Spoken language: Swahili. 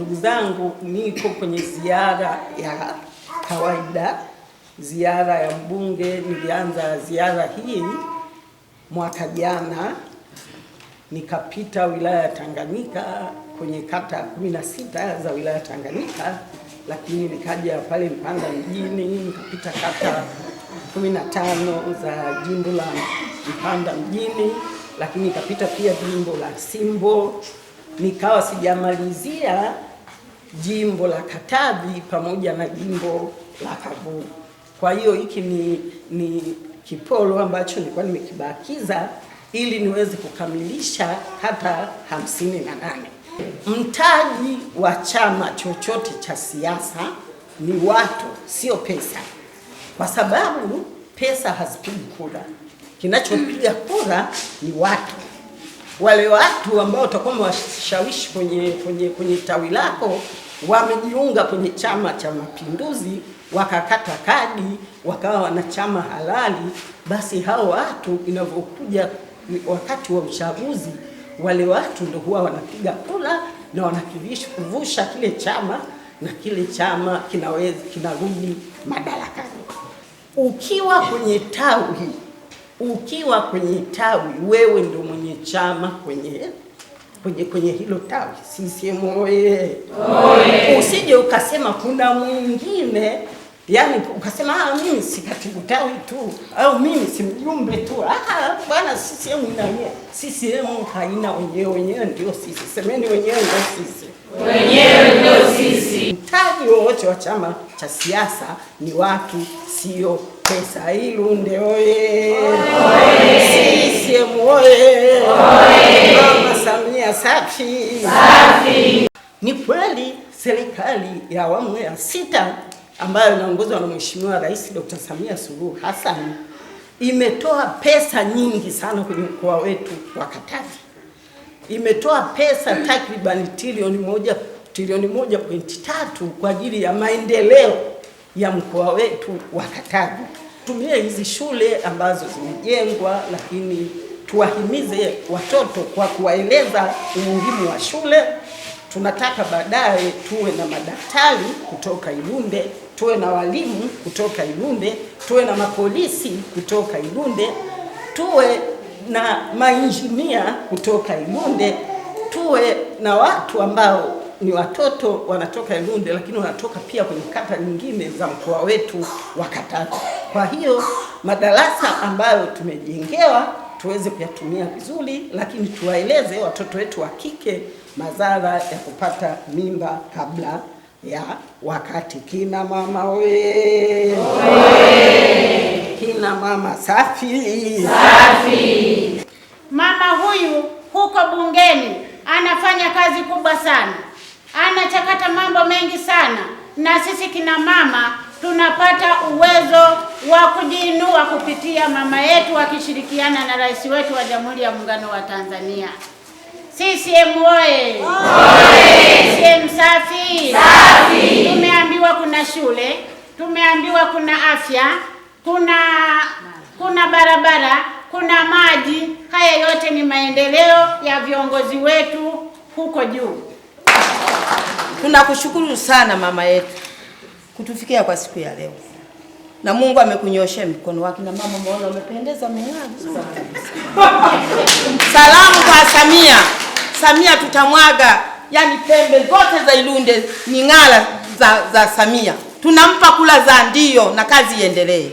Ndugu zangu, niko kwenye ziara ya kawaida, ziara ya mbunge. Nilianza ziara hii mwaka jana, nikapita wilaya ya Tanganyika kwenye kata 16 za wilaya ya Tanganyika, lakini nikaja pale Mpanda mjini, nikapita kata 15 za jimbo la Mpanda mjini, lakini nikapita pia jimbo la Simbo, nikawa sijamalizia jimbo la Katavi pamoja na jimbo la Kavuu. Kwa hiyo hiki ni, ni kipolo ambacho nilikuwa nimekibakiza ili niweze kukamilisha hata hamsini na nane. Mtaji wa chama chochote cha siasa ni watu, sio pesa, kwa sababu pesa hazipigi kura. Kinachopiga kura ni watu wale watu ambao watakuwa wamewashawishi kwenye, kwenye, kwenye tawi lako wamejiunga kwenye Chama cha Mapinduzi wakakata kadi wakawa wanachama halali, basi hao watu inavyokuja wakati wa uchaguzi, wale watu ndio huwa wanapiga kula na wanakivusha kile chama na kile chama kinaweza kinarudi madarakani. Ukiwa kwenye tawi ukiwa kwenye tawi wewe ndio chama kwenye kwenye kwenye hilo tawi. CCM oye! Usije ukasema kuna mwingine Yaani ukasema ah, mimi si katibu tawi tu au mimi si mjumbe tu. Ah, bwana CCM ina wenyewe. CCM haina wenyewe, wenyewe ndio sisi. Semeni wenyewe ndio sisi. Wenyewe ndio sisi. Mtaji wowote wa chama cha siasa ni watu, sio pesa. Ilunde oye! CCM oye! Mama Samia safi. Safi. Ni kweli serikali ya awamu ya sita ambayo inaongozwa na Mheshimiwa Rais Dr. Samia Suluhu Hassan imetoa pesa nyingi sana kwenye mkoa wetu wa Katavi. Imetoa pesa takribani trilioni moja trilioni moja pointi tatu kwa ajili ya maendeleo ya mkoa wetu wa Katavi. Tumie hizi shule ambazo zimejengwa, lakini tuwahimize watoto kwa kuwaeleza umuhimu wa shule. Tunataka baadaye tuwe na madaktari kutoka Ilunde tuwe na walimu kutoka Ilunde, tuwe na mapolisi kutoka Ilunde, tuwe na mainjinia kutoka Ilunde, tuwe na watu ambao ni watoto wanatoka Ilunde, lakini wanatoka pia kwenye kata nyingine za mkoa wetu wa Katavi. Kwa hiyo madarasa ambayo tumejengewa tuweze kuyatumia vizuri, lakini tuwaeleze watoto wetu wa kike madhara ya kupata mimba kabla ya wakati. Kina mama we, kina mama safi safi. Mama huyu huko bungeni anafanya kazi kubwa sana, anachakata mambo mengi sana, na sisi kina mama tunapata uwezo wa kujiinua kupitia mama yetu akishirikiana na rais wetu wa Jamhuri ya Muungano wa Tanzania. CCM oye! CCM safi! Safi. Tumeambiwa kuna shule, tumeambiwa kuna afya, kuna kuna barabara, kuna maji. Haya yote ni maendeleo ya viongozi wetu huko juu. Tunakushukuru sana mama yetu kutufikia kwa siku ya leo, na Mungu amekunyoshea mkono wake, na mama, maona umependeza, Salamu kwa Samia. Samia tutamwaga, yani pembe zote za Ilunde ni ng'ala za, za Samia. Tunampa kula za ndio na kazi iendelee.